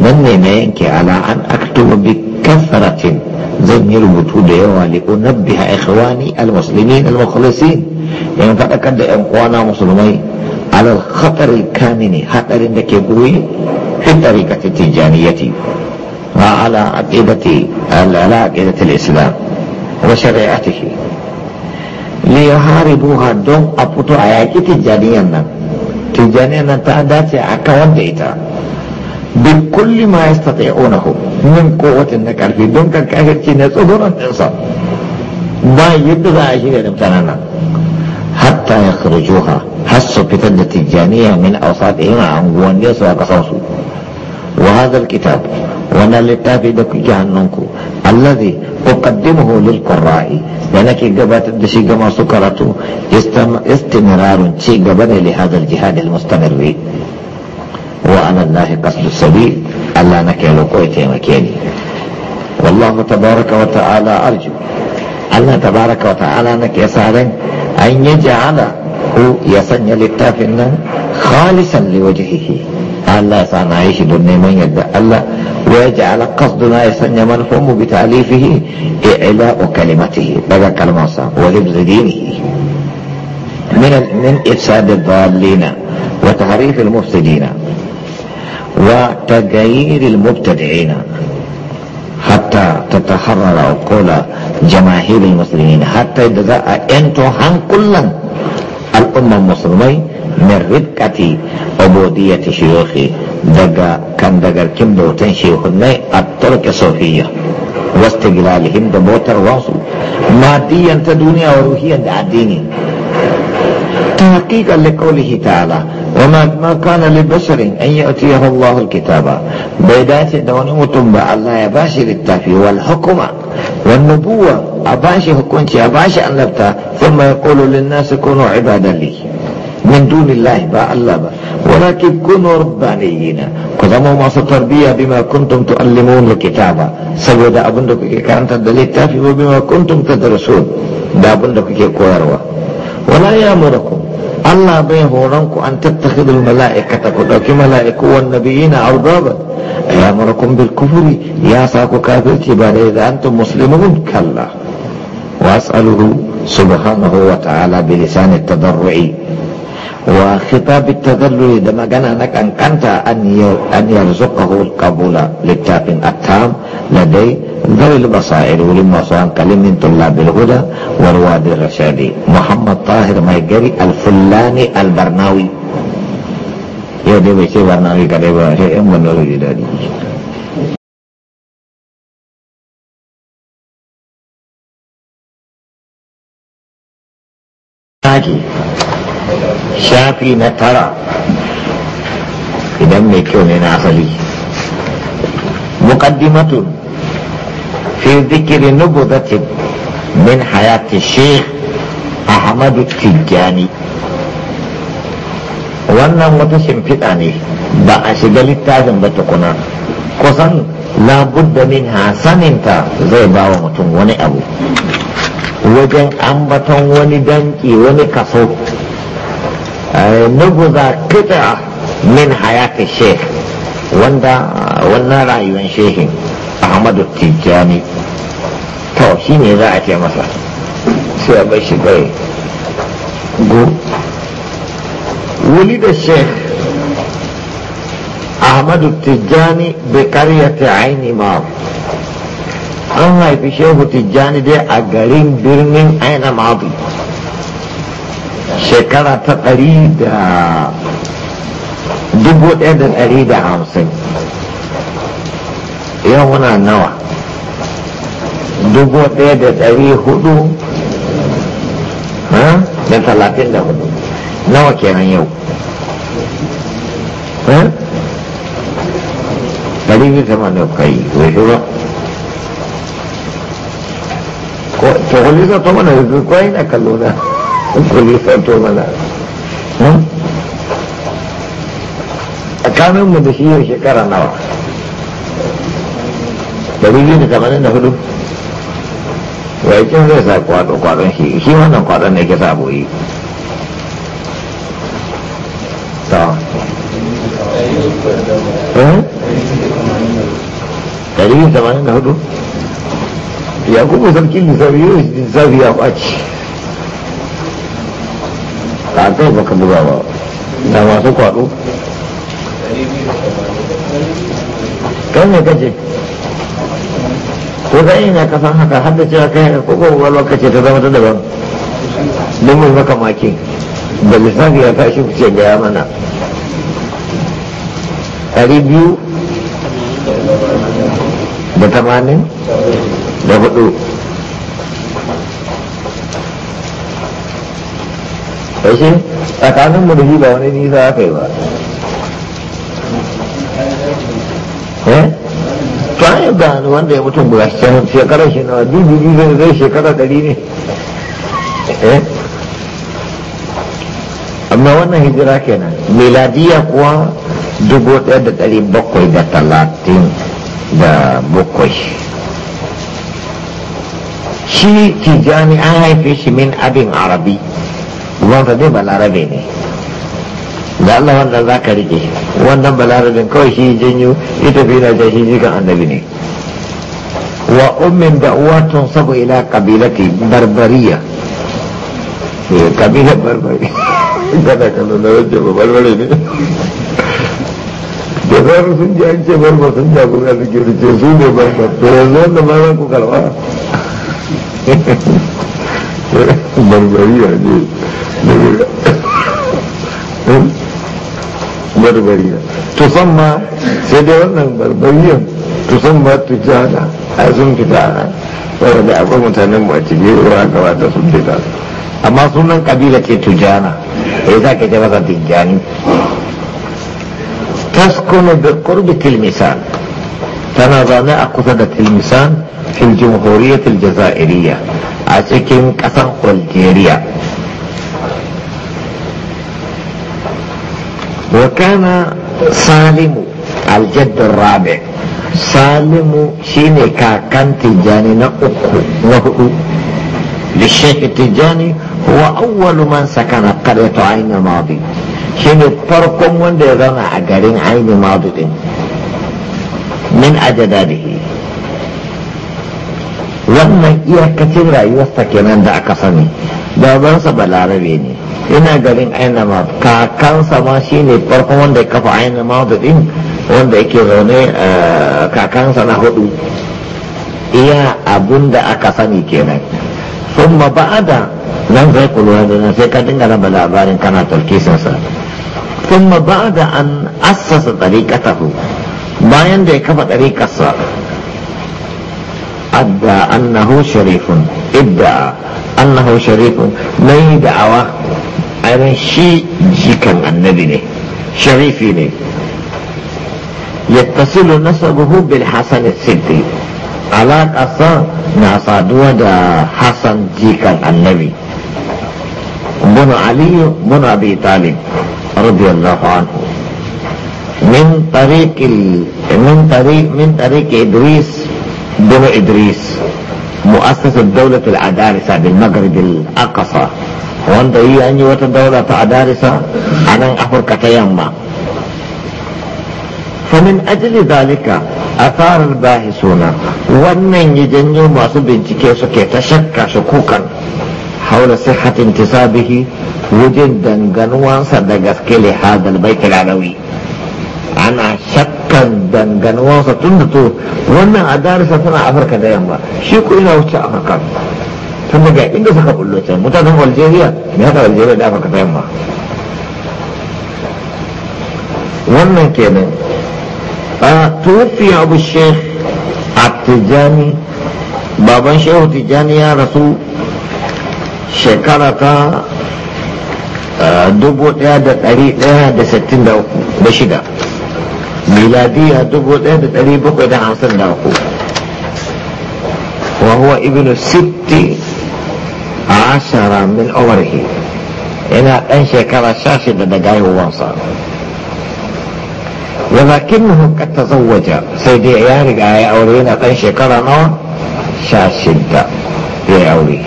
من نمينك على أن أكتب بكثرة زمي يربطوا ديوا لأنبه إخواني المسلمين المخلصين يعني فتكد إنقوانا مسلمين على الخطر الكامن خطر لك يقوي في طريقة التجانية وعلى عقيدة على عقيدة الإسلام وشريعته ليحاربوها دون أبوتو آيات تجانيا أن تعداتي عكوان ديتا بكل ما يستطيعونه من قوة النكال في دونك كان كاهر تينيس أدورا تنسى ما يبدأ أشياء المتنانا حتى يخرجوها حسوا بتد تجانيها من أوساطهما عن قوان ديسوا وهذا الكتاب wannan littafi da kuke hannunku allazi uqaddimuhu lil qurra'i da nake gabatar da shi ga masu karatu istimirarun ci gaba ne li hadal jihad al mustamirri wa ala allahi qasdu sabil allah nake roƙo ya taimake ni wallahu tabaraka wa ta'ala arju allah tabaraka wa ta'ala na nake sa ran an yaj'ala ko ya sanya littafin nan khalisan li wajhihi Allah sana aishi dunia yadda Allah wa ويجعل قصدنا يسن من هم بتعليفه إعلاء كلمته kalimatihi bada kalmasa wa libz من من إفساد الضالين وتعريف المفسدين وتغيير المبتدعين حتى تتحرر عقول جماهير المسلمين حتى إذا أنتم عن كل الأمة المسلمين من ردكتي عبودية شيوخي دقا كان دقا كم دوتين شيوخنا الترك صوفية واستقلالهم دموتر واصل ماديا تدنيا وروحيا عديني تحقيقا لقوله تعالى وما ما كان لبشر ان ياتيه الله الكتاب بيدات دوني متم الله يباشر التافي والحكمه والنبوه اباشي حكمتي اباشي النبته ثم يقول للناس كونوا عبادا لي min dunillahi ba Allah ba walakin kunu rabbaniyina ku zama masu tarbiyya bima kuntum tuallimun alkitaba saboda abin da kuke karanta da littafi ko bima kuntum tadrasun da abin da kuke koyarwa wala ya'muruku Allah bai horon ku an tattakhidu malaikata ku ɗauki malaiku wan nabiyina arbaba ya'murukum bil kufri ya sa ku kafirci ba da idan antum muslimun kalla wa as'aluhu subhanahu wa ta'ala bi lisan at wa khitab at-tadalluli damagan anak ang kanta an yu an yarzuqahu al-qabula litaqin at-tam ladai dalil basair wa lima sa'an kalim min tullab al-huda wa ruwad al-rashadi Muhammad Tahir Maigari al-Fullani al-Barnawi ya dewe si Barnawi kadewa ya menurut jidari shafi na tara idan mai kyau ne na asali muqaddimatun fi nubu nubudhatin min hayati sheikh ahmadu tijjani wannan wata shimfiɗa ne ba a shiga littafin ba tukuna kusan labudda min saninta zai ba wa mutum wani abu wajen ambaton wani danki wani kaso نبذ قطع من حياة الشيخ وندا ونا رايون شيخ أحمد التجاني to shi ne za a ce masa sai a bai shi bai go wuli da sheikh ahmadu tijjani bai karyata aini ma an haifi shehu tijjani dai a garin birnin aina mabu shekara ta ɗari da dubu ɗaya da ɗari da hamsin yau muna nawa dubu ɗaya da ɗari hudu da talatin da hudu nawa kenan yau ɗari biyu sama ne kai wai ba ko to kulisa to mana ko ina na na kuli fato mana shi yau shekara nawa dari biyu da tamanin da hudu yakin zai sa kwado kwadon shi shi wannan kwadon ne ke sa boyi dari biyu da da hudu ya kuma sarki lissafi yau lissafi ya kwaci a kai baka buga ba da masu kwaɗo kan ne kace ko zai ne ka san haka har da cewa kai haka ko ko lokaci ta zama ta daban don mun maka makin da misali ya tashi ku ce gaya mana ɗari biyu da tamanin da hudu shi tsakanin mu da shi ba wani nisa aka yi ba to an yi ba wanda ya mutum guda shekarar shi nawa dubu zai zai shekara ɗari ne amma wannan hijira kenan miladiya kuwa dubu ɗaya da ɗari bakwai da talatin da bakwai shi tijani an haife shi min abin arabi ubansa dai balarabe ne da Allah wannan za ka rike wannan balarabin kawai shi janyo ita fi na jashi shi jikan annabi ne wa ummin da uwatun sabu ila kabilati barbariya eh, Kabila barbari gada kano na wajen ba barbari ne da zarar sun ji an ce barbar sun jagora da ke rike su ne barbar to yanzu wanda ma za ku karba barbariya ne barbariya ma sai dai wannan barbariyan tusamma tujada a sun fita a nan da akwai mutanen mu a cikin ruwa gaba ta sun fita amma sunan kabila ke tujana ya za ka ce masa tijjani kuma da kurbi tilmisan tana zane a kusa da tilmisan fil jumhuriyatil jazairiyya a cikin kasar algeria وكان سالم الجد الرابع سالم شيني كاكان تجاني نأكو وهو للشيخ التجاني هو أول من سكن قرية عين ماضي شيني فرقم وندي رنا أقرين عين ماضي دي. من أجداده wannan iyakacin rayuwarsa kenan da aka sani babansa balarabe ne yana garin ainama kakansa ma shine farkon wanda ya kafa ma da din wanda yake zaune eh, kakansa na hudu iya abun da aka sani kenan sun ba'ada nan zai kulwa da nan sai ka dinga raba labarin kana talkisinsa sun ba'ada an assasa tsarikatahu bayan da ya kafa tsarikarsa ادعى انه شريف ادعى انه شريف مي دعوة انا شي جيكا النبي شريفي لي يتصل نسبه بالحسن السدي على قصة نصادوا دا حسن جيكا النبي بن علي بن ابي طالب رضي الله عنه من طريق ال... من طريق من طريق ادريس بن إدريس مؤسسة دولة العدارسة بالمغرب الأقصى wanda yi an yi wata daura ta adarisa a nan afirka ta yamma famin ajili zalika a tsarar bahi suna wannan ya janyo masu bincike suke ta shakka su kukan haula sihhatin tisabihi wajen danganuwansa da gaske li hadal baitul alawi ana shakka kan danganuwansa tun da to wannan a darisa tana afirka da yamma shi ko ina wuce afirka tun daga inda suka bullo can mutanen algeria mai haka algeria da afirka da yamma wannan kenan a tufi abu a attijani baban shehu tijani ya rasu shekara ta ah, dubu ɗaya da ɗari ɗaya da sittin da shida ميلادية دبو دين تقريب بقية عمسن داوكو وهو ابن الست عشر من عمره إلى أن شكر الشاشة لدقائه وانصار ولكنه قد تزوج سيدي عيارك آية أولينا أن شكر نوع شاشدة في أوليه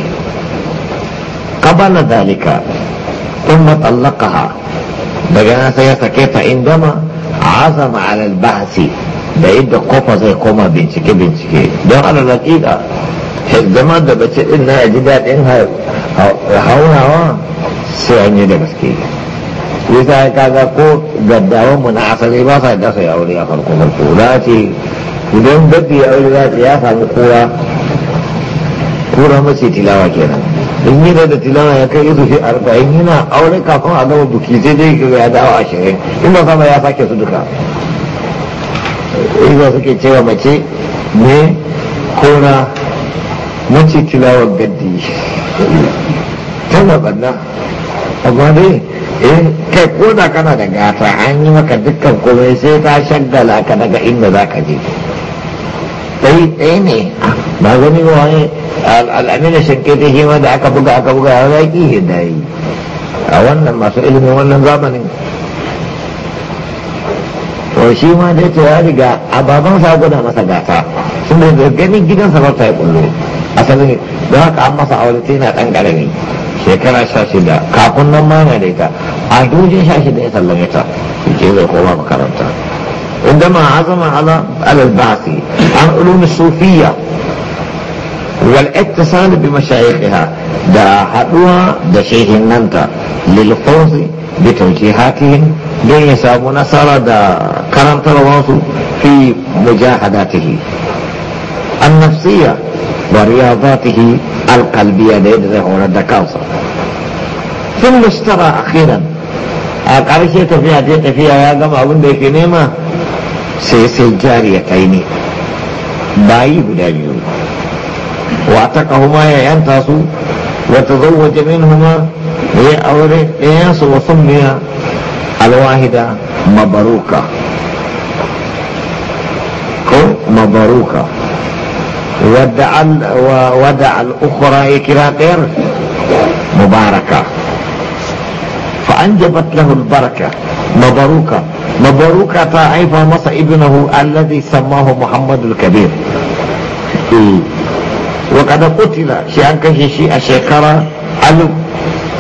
قبل ذلك ثم طلقها دقنا سيسكت عندما azama ala bahasi da yadda kofa zai koma bincike bincike don ana laƙiƙa zama da bace din na ji daɗin haunawa sai an yi da gaske yasa kaga ko gaddawan mu na asali ba sa da ya aure a farko farko za ce idan gaddi ya aure za ya samu kura kura mace tilawa kenan in yi da tilawa ya kai izufi arba'in yana aure kafin a gama buki sai dai ya dawo ashirin in ba sama ya sake su duka izuwa suke cewa mace ne kora mace tilawa gaddi tana banna amma dai eh kai ko da kana da gata an yi maka dukkan komai sai ta shaggala ka daga inda za ka je ɗari ɗaya ne ba gani ba wani al'amina shankete shi ma da aka buga aka buga ya zaƙi shi da a wannan masu ilimin wannan zamanin to shi ma dai to ya riga a baban sa gwada masa gasa sun da gani gidan sarauta ya kullo asalin don haka ka masa aure tana ɗan ƙarami shekara sha shida kafin nan ma na da ita a dujin sha shida ya sallame ta ke zai koma makaranta عندما عزم على على البعث عن علوم الصوفية والاتصال بمشايخها دا حدوها دا شيخ ننتا للفوز بتوجيهاتهم دون يسامو نصر دا كرم في مجاهداته النفسية ورياضاته القلبية ليد ظهور الدكاوسة ثم اشترى أخيرا a في tafiya ta tafiya ya gama abin نيمة سيسل جارية تيني باي بدانيون يا ينتاسو وتزوج منهما هي أوري ينسو وصمي الواحدة مبروكة كو مبروكة ودع ودع الأخرى إكراتير مباركة فأنجبت له البركة مباركة mabaruka ta haifa masa ibnahu allazi sammahu muhammadul kabir wa kada kutila shi an kashe shi a shekara alif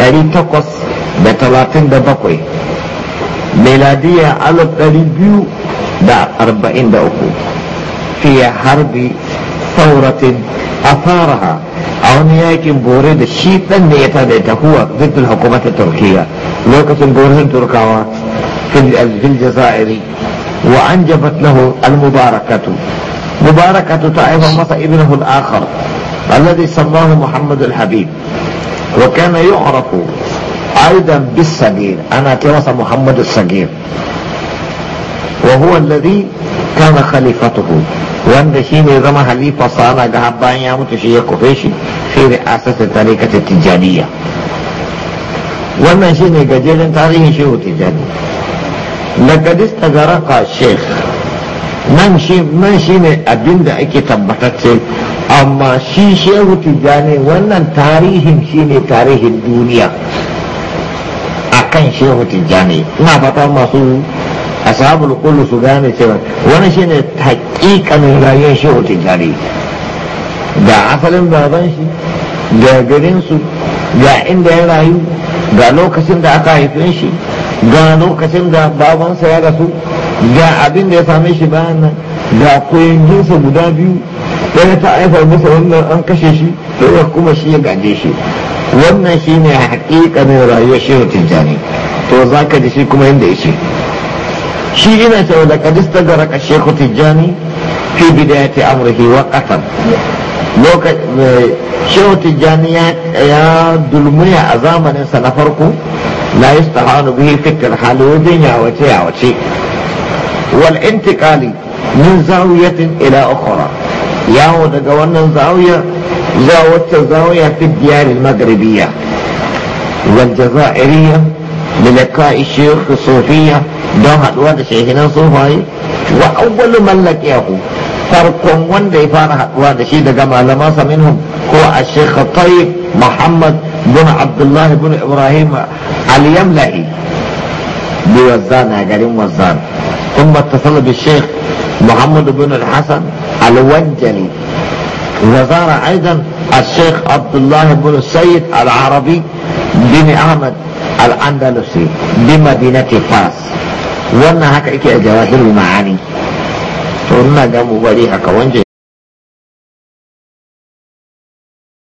ɗari takwas da talatin da bakwai meladiya alif ɗari biyu da arba'in da uku fiye harbi sauratin asaraha a wani yakin bore da shi ɗan ne ya tada ita huwa ziddin hukumatar turkiya lokacin borin turkawa في الجزائر وأنجبت له المباركة مباركة طائفة مطى ابنه الآخر الذي سماه محمد الحبيب وكان يعرف أيضا بالصغير أنا كرس محمد الصغير وهو الذي كان خليفته وان دشين رمى حليفة صانا قهبان يامت شيئ قفشي في رئاسة طريقة التجارية وان شيني قجل تاريه شيئ تجارية لقد استغرق الشيخ nan shi nan shi ne abinda ake tabbatacce amma shi shehu tijjani wannan tarihin shi ne tarihin duniya a kan shehu tijjani ina fata masu ashabul kullu su gane cewa wani shi ne taƙiƙanin rayuwar shehu tijjani Da asalin baban shi da garinsu ga inda ya rayu ga lokacin da aka haife shi ga lokacin da babansa ya rasu ga abin da ya same shi bayan nan ga koyanginsa guda biyu ɗaya ta aifa masa wannan an kashe shi ɗaya kuma shi ya gaje shi wannan shi ne haƙiƙanin rayuwar shehu tijjani to za ka ji shi kuma yadda ya ce shi ina cewa da kadis ta raka shehu tijjani fi ta amurki wa ƙasar shehu tijjani ya dulmuya a zamaninsa na farko la yastahanu bihi fi al-hal wajen yawace yawace wal intiqali min zawiyatin ila ukhra yawo daga wannan zawiya zuwa wata zawiya fi diyar al-maghribiyya wal jazairiyya للقاء الشيوخ الصوفية don haɗuwa da shehinan sufaye wa awwalu mallakiyahu farkon wanda ya fara haɗuwa da shi daga malamansa minhum ko a shekh tayyib muhammad بن عبد الله بن إبراهيم اليملئي بوزان هجرين وزان ثم اتصل بالشيخ محمد بن الحسن الونجلي وزار أيضا الشيخ عبد الله بن السيد العربي بن أحمد الأندلسي بمدينة فاس وانا هكا ake a المعاني ma'ani جابوا ina ga